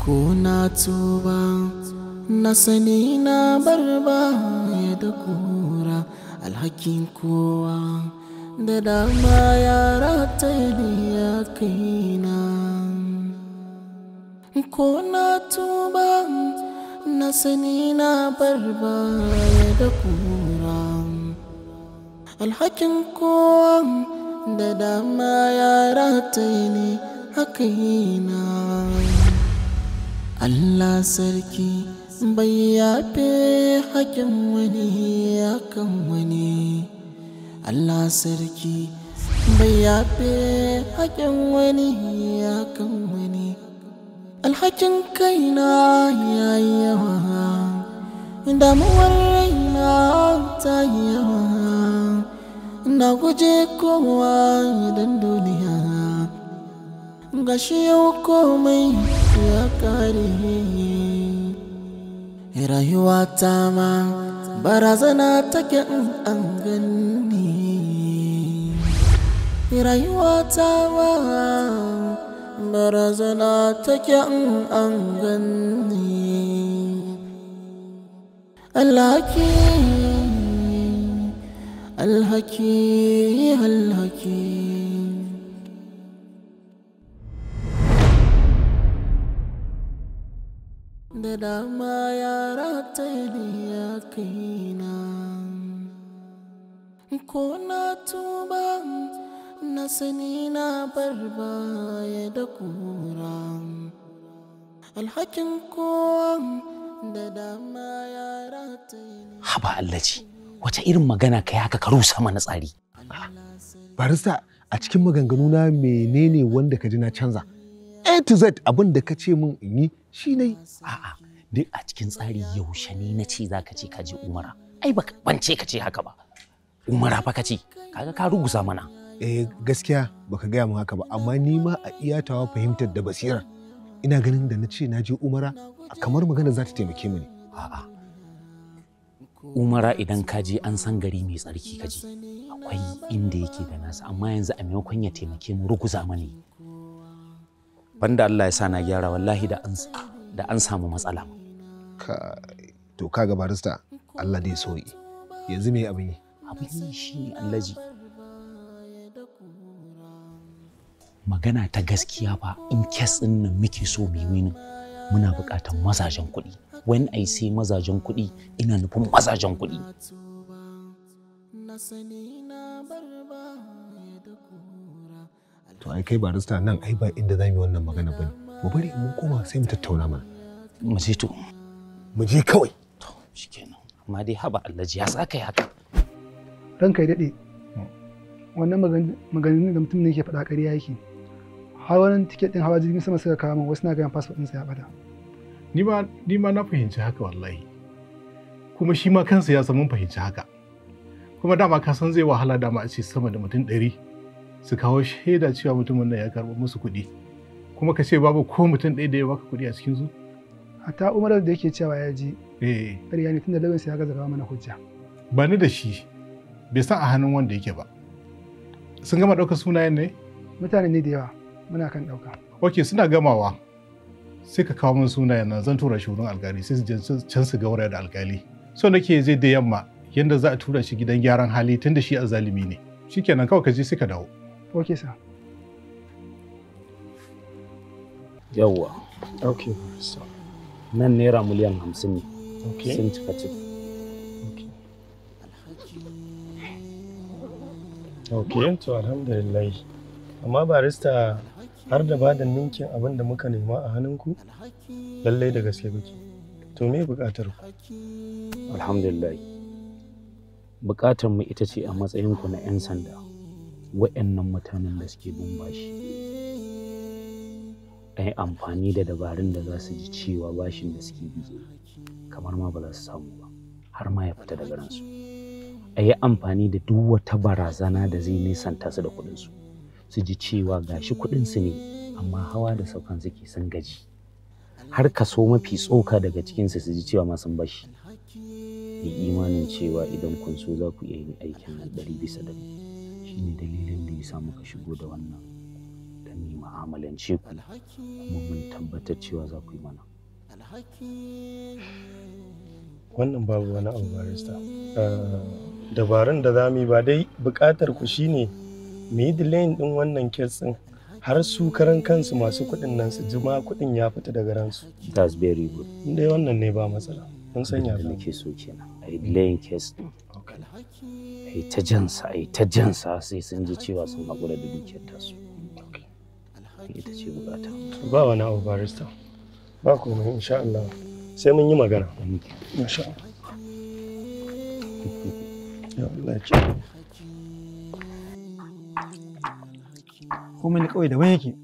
ko na tuba na sani na barba ya da kura alhakin kowa da dama yara ta ya kaina ko na tuba na sani na barba ya da kura alhakin kowa da dama yara ta ne a na. Allah sarki bai yafe hakin wani ya kan wani Allah sarki bai yafe hakin wani ya kan wani alhakin kaina ya yi yawa damuwar raina ta yi yawa na guje kowa idan duniya gashi yau komai ya kare rayuwa ta ma barazana take in an ganni rayuwa ta ma barazana take in an gani alhaki alhaki alhaki da dama yara ta ya kaina ko na tuba na sani na bar baya da kura alhakin kowa da dama yara ta haba allaci wace irin magana kai haka ka rusa mana tsari barista a cikin maganganu na menene wanda ka ji na canza A to Z abin da ka ce min in yi shi ne a'a duk a cikin tsari yaushe ne na ce za ka ce ka je umara ai ba ce ka ce haka ba umara fa ka ce kaga ka ruguza mana eh gaskiya baka gaya min haka ba amma ni ma a iyatawa fahimtar da basirar ina ganin da na ce na je umara kamar magana za ta taimake mu ne a'a umara idan ka je an san gari mai tsarki ka je akwai inda yake da nasa amma yanzu a maimakon ya taimake mu ruguza mana banda Allah ya sa na gyara wallahi da an da an samu matsala ka to kaga barista Allah dai so yanzu me abin yi abin yi shine Allahji magana ta gaskiya ba in kes din nan muke so mu yi muna buƙatar mazajen kuɗi when i say mazajen kuɗi ina nufin mazajen kuɗi na sani na barba to ai kai barista nan ai ba inda za mu yi wannan magana ba ne mu bari mu koma sai mu tattauna mana mu je to mu je kawai to shikenan amma dai haba ji ya saka ya haka dan kai dade wannan maganganun da mutum ne yake faɗa ƙarya yake har wani tiket din hawa jirgin sama suka kawo min wasu na ga passport ɗinsa ya bada ni ma na fahimci haka wallahi kuma shi ma kansa ya samu fahimci haka kuma dama ka san zai wahala dama a ce sama da mutum ɗari su kawo shaida cewa mutumin nan ya karɓi musu kuɗi kuma ka ce babu ko mutum ɗaya da ya baka kuɗi a cikin su hatta umarar da yake cewa ya ji eh. ƙarya ne tunda lawansa ya gaza mana hujja ba ni da shi bai san a hannun wanda yake ba sun gama ɗaukar sunayen ne mutane ne da yawa muna kan ɗauka ok suna gamawa sai ka kawo min sunayen nan zan tura shi wurin alkali sai su can su gauraya da alkali so nake zai da yamma yanda za a tura shi gidan gyaran hali tunda shi azalimi ne. ne shikenan kawai ka je sai ka dawo Okay, sir. Yawwa. Okay, so. Nan naira miliyan hamsin ne. Okay. Sun cika cik. Okay. Okay, to alhamdulillah. Amma barista har da ba da ninkin abin da muka nema a hannunku lallai da gaske kuke to me buƙatar ku alhamdulillah buƙatar mu ita ce a matsayinku na 'yan sanda wa'annan mutanen da suke bin bashi yi amfani da dabarun da za su ji cewa bashin da suke bi kamar ma ba za su samu ba har ma ya fita daga ransu a yi amfani da duk wata barazana da zai nisanta su da kuɗinsu su ji cewa gashi kuɗinsu ne amma hawa da saukan suke sun gaji har kaso mafi tsoka daga cikinsu su ji cewa ma sun bashi yi imanin cewa idan kun so za ku iya yin aikin nan ɗari bisa ɗari shine dalilin da ya sa muka shigo da wannan don mu mu'amalan ku kuma mun tabbatar cewa za ku yi mana wannan babu wani abu barista eh, dabarun da za mu yi ba dai buƙatar ku shine mu yi ɗin wannan kes ɗin har su karan kansu masu kuɗin nan su jima kuɗin ya fita daga ransu that's very good dai wannan ne ba matsala mun sanya da nake so kenan a yi case din a yi ta jansa a yi ta jansa sai sun ji cewa sun haƙura da dukiyar tasu ita ce bukata ba wani abu barista ba komai insha Allah sai mun yi magana insha Allah komai kawai da wani yake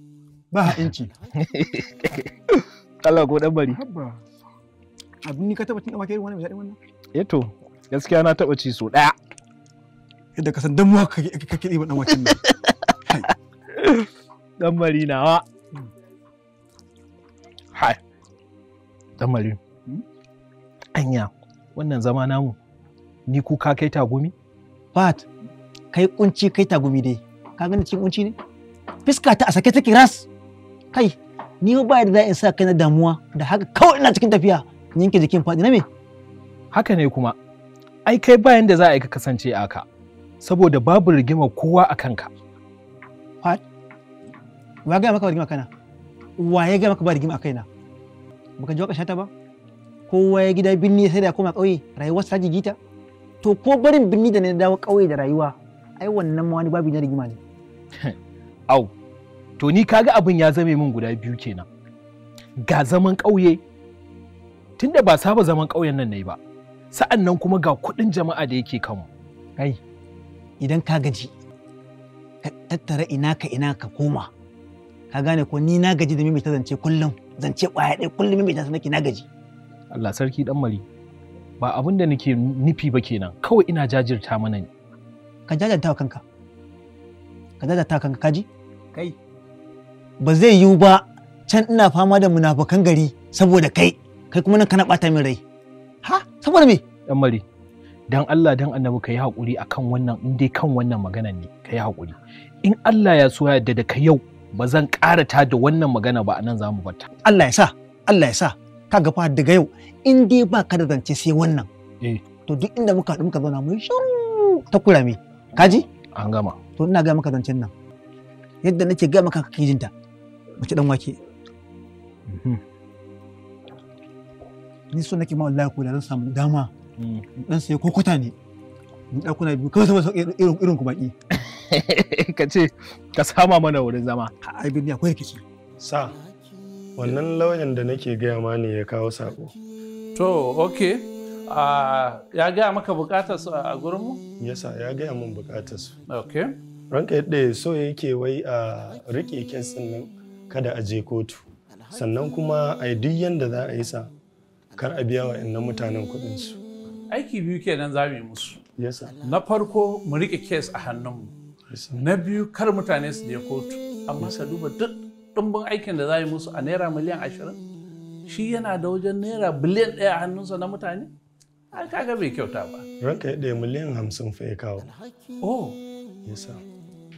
ba ha'inci Kala ko dan bari abin ni ka taba cin awaki irin wannan mai daɗin wannan eh to gaskiya na taba ci so ɗaya yadda ka san dan muwa kake ɗiba dan wakin nan dan mari nawa hmm. hai dan mari hmm? anya wannan zama namu ni kuka kai tagumi fat kai kunci kai tagumi dai ka gani cikin kunci ne fiska ta a sake take ras kai ni ba da za in sa kai na damuwa da haka kawai ina cikin tafiya yanke jikin faɗi na me haka ne kuma ai kai bayan da za a yi ka kasance aka, saboda babu rigima kowa a kanka faɗi wa ga maka rigima kana wa ya ga maka ba rigima a kaina baka ji waka ta ba kowa ya gida binni sai da koma ƙauye rayuwar ta jigita to ko barin binni da na dawo ƙauye da rayuwa ai wannan ma wani babu na rigima ne au to ni kaga abin ya zame min guda biyu kenan ga zaman ƙauye tunda ba saba zaman ƙauyen nan ne ba sa'an nan kuma ga kuɗin jama'a da yake kanmu kai idan ka gaji ka tattara ina ka ina ka koma ka gane ko ni na gaji da mimita zance kullum zance ƙwaya ɗaya kullum mimita ta nake na gaji Allah sarki dan mari ba abin da nake nufi ba kenan kawai ina jajirta mana ne ka jajirta wa kanka ka jajirta wa kanka kaji kai ba zai yiwu ba can ina fama da munafukan gari saboda kai kai kuma nan kana bata min rai ha saboda me dan mari dan Allah dan annabi kai hakuri akan wannan in dai kan wannan maganar ne kai hakuri in Allah ya so ya yarda da kai yau ba zan karata da wannan magana ba anan zamu bata. Allah ya sa Allah ya sa kaga fa daga yau in dai ba ka da zance sai wannan eh. to duk inda muka haɗu muka zauna mu shiru ta kurame kaji an gama to ina ga maka zancen nan yadda nake ga maka kake jinta mace dan wake mhm. ni so nake ma wallahi ko da zan samu dama dan hmm. sai kokota ne in kuna biyu kawai saboda irin irin ku baki ka ce ka sama mana wurin zama bin birni akwai rikici sa wannan lauyan da nake gaya ma ne ya kawo sako to okay ya gaya maka bukatar su a gurin mu yasa ya gaya min bukatar su okay ranka yadda so yake wai a rike kesin nan kada a je kotu sannan kuma a duk yanda za a yi sa kar a biya wa wa'annan mutanen kuɗinsu. Aiki biyu kenan za mu yi musu. Na farko mu riƙe kes a hannunmu. Na biyu kar mutane su je kotu. Amma sa duba duk ɗumbin aikin da za yi musu a naira miliyan ashirin. Shi yana da wajen naira biliyan ɗaya a hannunsa na mutane? Ai kaga bai kyauta ba. Ranka ya ɗaya miliyan hamsin fa ya kawo. Oh. Yasa.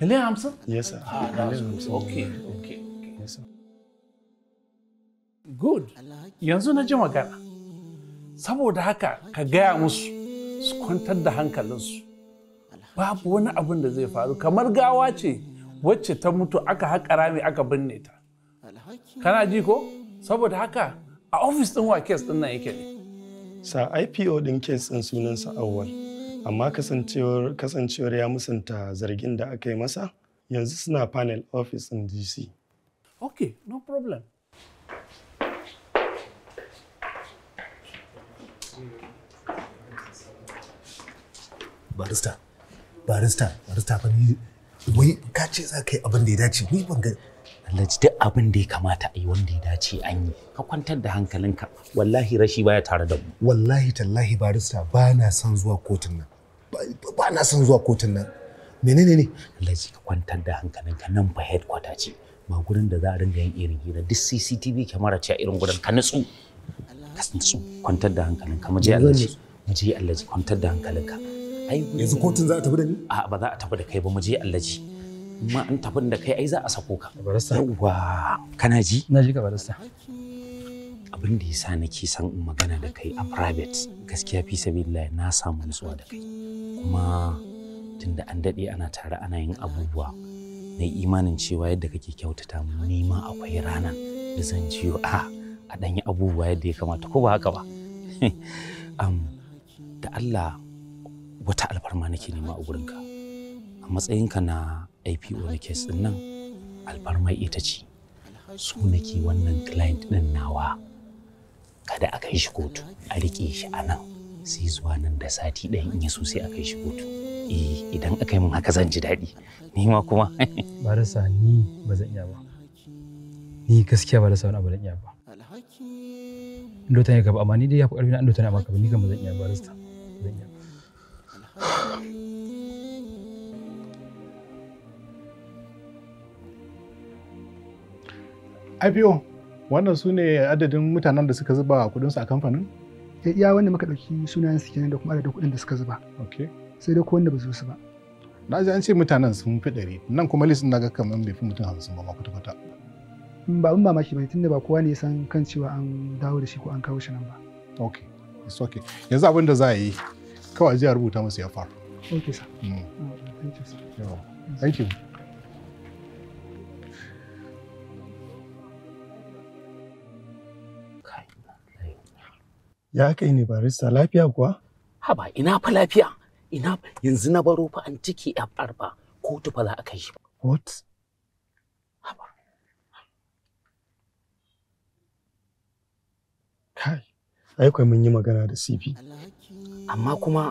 Miliyan hamsin? Yasa. Ah, miliyan hamsin. Okay, okay. Yes, good yanzu na ji magana saboda haka ka gaya musu su kwantar da hankalinsu babu wani abin da zai faru kamar gawa ce wacce ta mutu aka haƙa rami aka binne ta kana ji ko saboda haka a ofis ɗin wa kes ɗin nan yake ne sa ipo ɗin kes ɗin sunansa awwal amma kasancewar kasancewar ya musanta zargin da aka yi masa yanzu suna panel ofis ɗin dc okay no problem barista barista barista fa ni wai ka ce za ka yi abin da ya dace ni ban ga Alhaji duk abin da ya kamata a yi wanda ya dace an yi ka kwantar da hankalinka wallahi rashi baya tare da mu wallahi tallahi barista ba na son zuwa kotun nan ba na son zuwa kotun nan menene ne Alhaji ka kwantar da hankalinka nan fa headquarter ce ba gurin da za a dinga yin irin hira duk CCTV kamera ce a irin gurin ka nutsu ka tsu kwantar da hankalinka mu je Allah ji mu je Allah ji kwantar da hankalinka ai yanzu kotun za a tafi da ni a ba za a tafi da kai ba mu je Allah ji ma an tafi da kai ai za a sako ka barista yawa kana ji na ji ka barista abin da yasa nake son in magana da kai a private gaskiya fi sabilillah na samu nutsuwa da kai kuma tunda an dade ana tare ana yin abubuwa na imanin cewa yadda kake kyautata mu nima akwai rana da zan jiyo a a yi abubuwa yadda ya kamata ko ba haka ba da Allah wata alfarma nake nema a gurinka a matsayinka na IPO na kes ɗin nan alfarma ita ce so nake wannan client ɗin nawa kada a kai shi kotu a riƙe shi a nan sai zuwa nan da sati ɗaya in ya so sai a kai shi kotu eh idan aka yi min haka zan ji daɗi ni ma kuma ba rasa ni ba zan iya ba ni gaskiya ba rasa wani abu zan iya ba Indota ne gaba amma ni dai ya fi ƙarfi na indota ne amma gaba ni kan zan iya ba, barista. Zan iya. IPO wannan su ne adadin mutanen da suka zuba kudinsu a kamfanin? Iya wanda muka ɗauki sunayen su kenan da kuma adadin kudin da suka zuba. Sai dai ko wanda ba su su ba. Na ji an ce mutanen sun fi ɗari nan kuma list na ga kamar bai fi mutum hamsin ba ma kwata-kwata. ba ba mamaki bane tunda ba kowa ne san kan cewa an dawo da shi ko an kawo shi nan ba okay it's okay yanzu abin da za a yi kawai zai rubuta musu ya faru okay sir mm. oh, thank you sir thank you ya kai ne barista lafiya kuwa haba ina fa lafiya ina yanzu na baro fa an ciki a arba ko fa za a kai shi what Kai, ai kai mun yi magana da CP. Amma kuma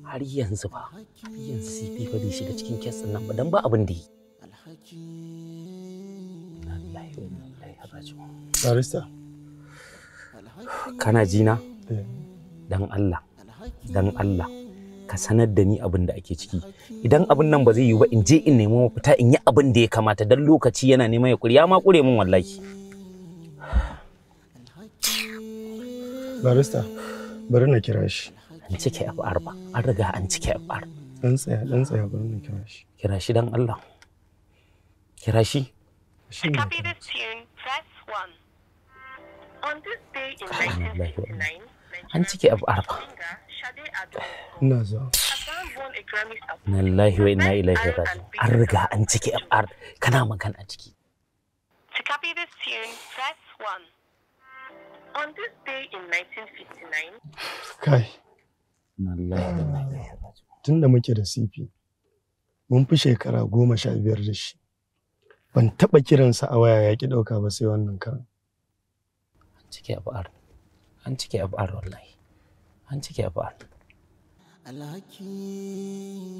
har yanzu ba, yanzu CP fa bai shiga cikin kes din nan ba dan ba abin da yi. Barista. Kana jina? Eh. Dan Allah, dan Allah, ka sanar da ni abin da ake ciki. Idan abin nan ba zai yi ba in je in nemo mafita in yi abin da ya kamata dan lokaci yana neman ya kuri ya ma kure min wallahi. barista bari na kira shi an cike fr ba an riga an cike fr dan tsaya dan tsaya bari na kira shi kira shi dan Allah kira shi an cike fr ba ina zuwa wa An riga an cike F FR kana magana a ciki. To copy this tune, press 1. On this day in 1959. Kai. Tun da muke da CP, mun fi shekara goma sha biyar da shi. Ban taɓa kiransa a waya ya ki ɗauka ba sai wannan karan. An cike FR. An cike FR wallahi. An cike FR. Alhaki.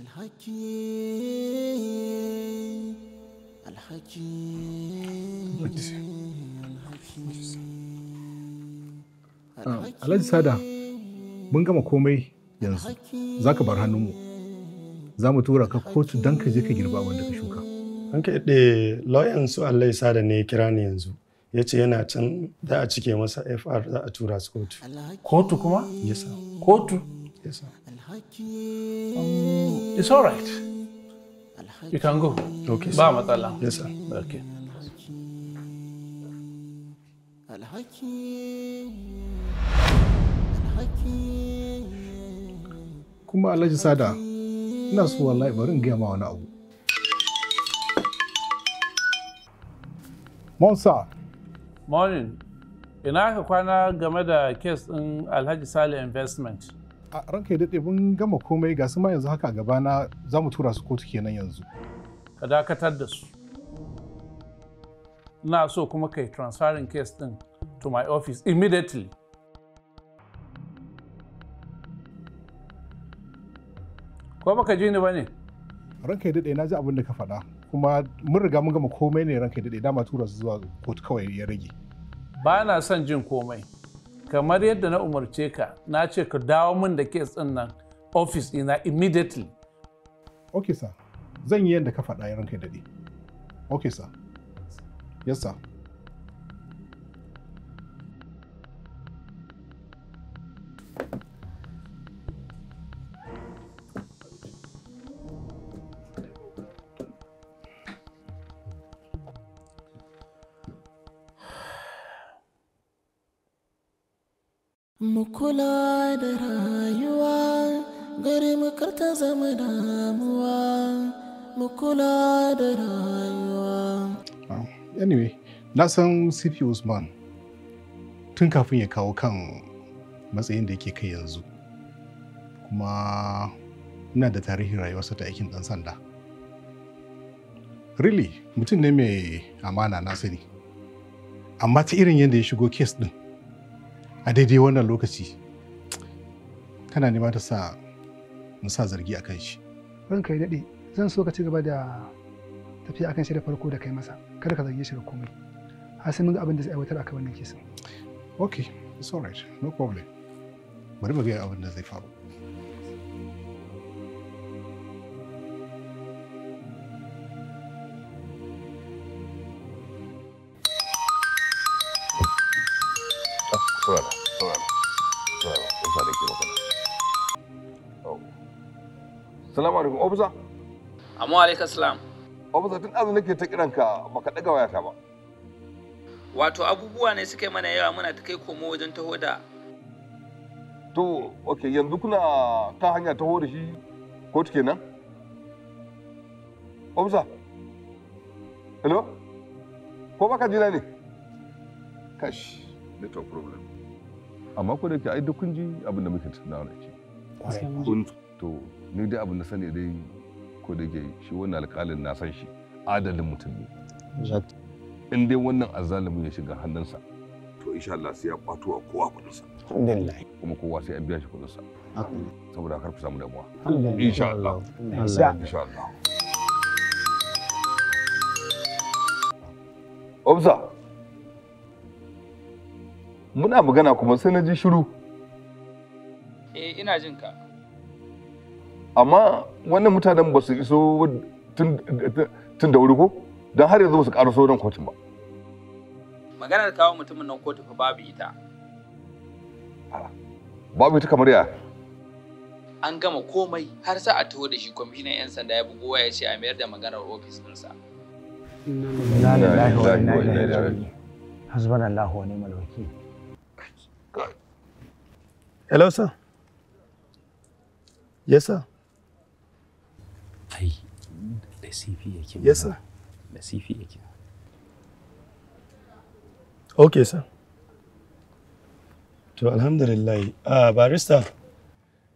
Alhaki. Alhaki. Ah, Alhaji Sada, mun gama komai yanzu, za ka bar hannunmu. Za mu tura ka kotu don ka je ka girba wanda ka shuka. An ka ɗe lauyan su Allah Sada ne ya kira ni yanzu. Ya ce yana can za a cike masa FR za a tura su kotu. Kotu kuma? Yes, Kotu? Yes, sir. Um, it's all right. You can go. Okay, Ba matsala. Yes, sir. Okay. kuma alhaji sada ina so wallahi bari in gaya ma wani abu monsa morning ina ka kwana game da kes din alhaji sale investment a ranka ya daɗe mun gama komai ga su ma yanzu haka gabana za mu tura su kotu kenan yanzu ka dakatar da su ina so kuma kai transferring case din to my office immediately. Ko baka ji ni ba ne? Ranka dade na ji abin da ka faɗa kuma mun riga mun gama komai ne ranka dade dama tura su zuwa kotu kawai ya rage. Ba na son jin komai. Kamar yadda na umarce ka na ce ka dawo min da kes ɗin nan office ina immediately. Ok sir, zan yi yadda ka faɗa ranka dade. Okay Ok sir. Yes sir. kula da rayuwa gari mu karta zama damuwa mu kula da rayuwa anyway na san cp usman tun kafin ya kawo kan matsayin da yake kai yanzu kuma ina da tarihin rayuwarsa ta aikin dan sanda really mutum ne mai amana na sani amma ta irin yadda ya shigo kes din a daidai wannan lokaci kana nema ta sa mu sa zargi a kan shi ban kai daɗe zan so ka ci gaba da tafiya akan shi da farko da kai masa kada ka zargi shi da komai har sai mun ga abin da zai aiwatar akan wannan kesin okay it's all right no problem bari mu ga abin da zai faru Salamu alaikum officer. Amu alaikum salam. Officer tun azu nake ta kiranka ka baka daga wayata ba. Wato abubuwa ne suke mana yawa muna ta kai komo wajen taho da. To, okay, yanzu kuna ta hanya taho da shi tuke nan. Officer. Hello? Ko baka jina ne? Kash, network problem. Amma ko da ke ai duk kun ji abin da muke tunawa ne. shi. To, ni dai abin da sani dai ko da ke shi wannan alƙalin na san shi adalin mutum ne in dai wannan azalimin ya shiga hannunsa to insha Allah sai ya kwato a kowa sa alhamdulillah kuma kowa sai an biya shi sa saboda kar ku samu damuwa insha Allah insha Allah Obza, muna magana kuma sai na ji shiru. Eh ina jin ka. amma wannan mutanen ba su iso tun da wuri ko don har yanzu ba su so don kotun ba maganar kawo mutumin nan kotu fa babu ita babu ita kamar ya an gama komai har sa a taho da shi kwamishinan 'yan sanda ya bugo waya ce a mayar da maganar ofis ɗinsa. Inna Allah wa inna wa ni'mal wakil. Hello sir. Yes sir. kai nasifi yake yes sir nasifi yake okay sir to alhamdulillah uh, barista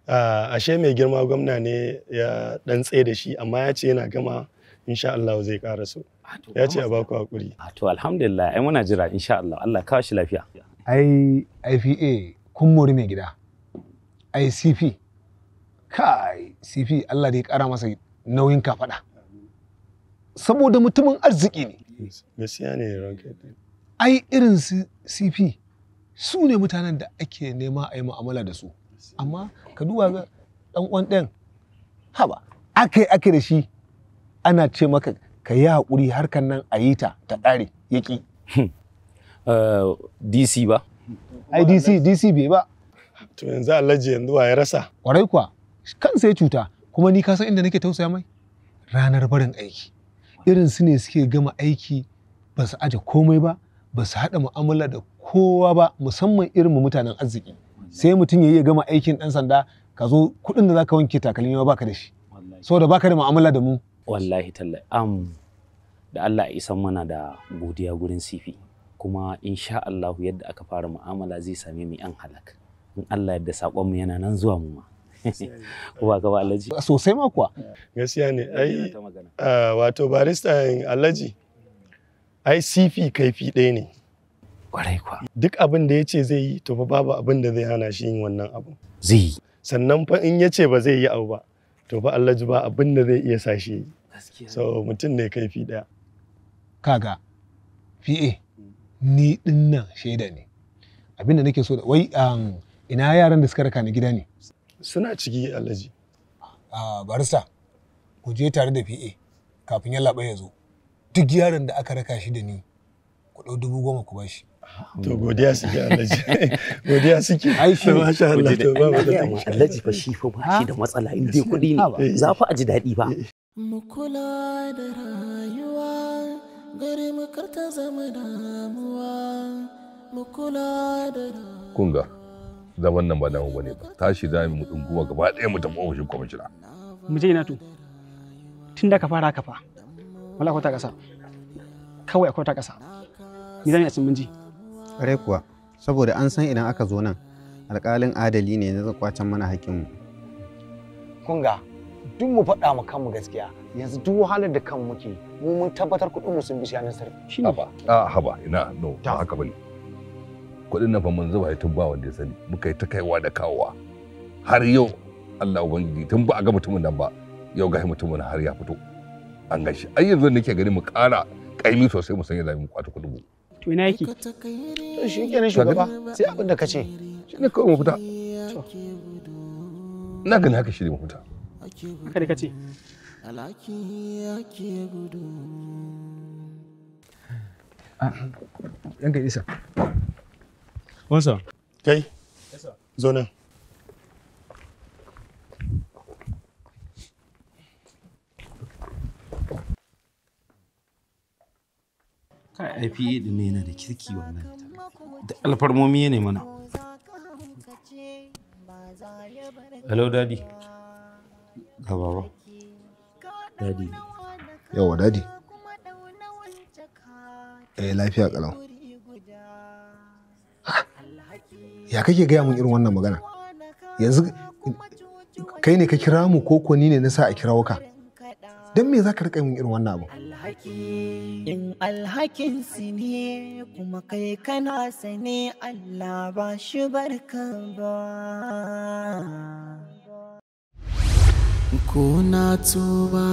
uh, ashe mai girma gwamna ne ya dan tsaye da shi amma ya ce yana gama insha Allah zai ƙara so ah, ya ce a baku hakuri to alhamdulillah ai muna jira insha Allah Allah kawo shi lafiya ai IPA kun mori mai gida ICP kai CP Allah dai ƙara masa nauyin kafaɗa. Saboda mutumin arziki ne. Gaskiya ne Ai irin su CP su ne mutanen da ake nema a yi mu'amala da su. Amma ka duba ga ɗan uwan ɗayan haba ake ake da shi ana ce maka ka yi haƙuri harkar nan a yi ta ta ƙare ya hmm. eh, DC ba? Ai DC DC bai ba. To yanzu alhaji yanzu wa ya rasa? kwarai kwa kan ya cuta. kuma ni ka san inda nake tausaya mai ranar barin aiki irin su ne suke gama aiki ba su aje komai ba ba su haɗa mu'amala da kowa ba musamman irin mu mutanen arziki sai mutum ya iya gama aikin ɗan sanda ka zo kuɗin da zaka wanke takalmi ba baka da shi saboda baka da mu'amala da mu wallahi tallahi am da Allah ya isan mana da godiya gurin sifi kuma insha Allah yadda aka fara mu'amala zai same mu yan halak in Allah yadda sakon mu yana nan zuwa mu ma ko ba gaba alhaji sosai ma kuwa gaskiya ne ai ah, wato barista alhaji ai cp kaifi ɗaya ne kwarai kuwa duk abin da ya ce zai yi to fa babu abin da zai hana shi yin wannan abu zai yi sannan fa in ya ce ba zai yi abu ba to fa alhaji ba abin da zai iya sa shi yi so mutum ne kaifi ɗaya kaga Fi'e, ni dinnan shaida ne abin da nake so da wai um, ina yaran da suka raka ni gida ne suna ciki alhaji a barista ku je tare da PA kafin ya laɓa ya zo duk yaron da aka raka shi da ni ku ɗau dubu goma ku bashi to godiya suke alhaji godiya suke ai shi ma sha Allah to ba wata ta da alhaji fa shi fa ba shi da matsala in dai kuɗi ne eh. za fa a ji daɗi ba mu kula da rayuwa gari mu karta zama damuwa mu kula da rayuwa kunga zaman nan ba namu bane ba tashi za mu dunguma gaba ɗaya mu tafi ofishin kwamishina mu je ina to tun da ka fara ka fa wala kwata ƙasa kawai akwai ta ƙasa ni zan yi a mun ji kare kuwa saboda an san idan aka zo nan alƙalin adali ne na kwacen mana hakinmu kun ga duk mu faɗa ma kanmu gaskiya yanzu duk wahalar da kanmu muke mu mun tabbatar kuɗinmu sun bi shanin sarki shine ba a haba ina no ba haka bane kuɗin nan fa mun zuba tun ba wanda ya sani muka yi ta kaiwa da kawowa har yau Allah ubangiji tun ba a ga mutumin nan ba yau ga mutumin har ya fito an gashi ai yanzu nake gani mu ƙara kaimi sosai mu sanya zamu kwata kuɗin mu to ina yake to shi kenan shugaba sai abin da kace shi ne kawai mu fita ina ganin haka shi ne mu fita haka da kace alaki yake gudu Ah, yanka isa. Wansa. Kai. Zo nan. Kai IPA din ne yana da kirki wannan. Da alfarmomi ne mana. Hello daddy. Ga baba. Daddy. Yawa daddy. Eh lafiya kalau. ya kake gaya mun irin wannan magana yanzu kai ne ka kira mu ko ko ni ne na sa a kira ka don me za ka riƙa mun irin wannan abu in alhakin su ne kuma kai kana sane Allah ba shi barka ba ko na tuba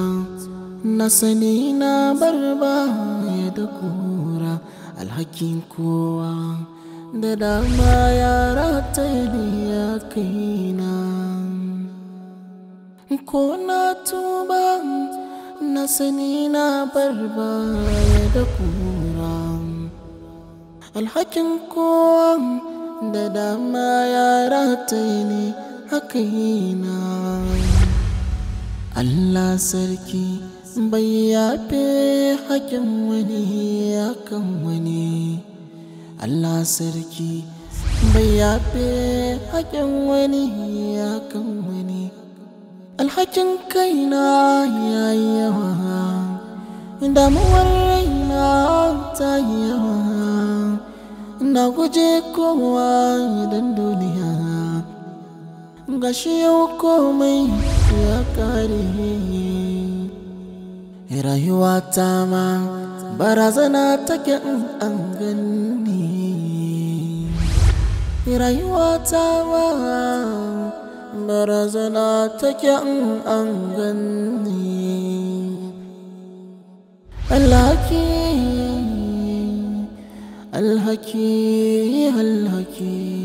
na sani na barba ya da kura alhakin kowa da dama yara ta ya kaina ko na tuba na sani na barba da kura alhakin kowa da dama yara ta ne a Allah sarki bai yafe hakin wani kan wani Allah sarki bai yafe haƙin wani ya kan wani alhakin kaina ya yi yawa damuwar raina ta yi yawa na guje kowa idan duniya gashi yau komai ya kare rayuwa ta ma barazana take an gani rayuwata barazana take in an gani alhaki alhaki alhaki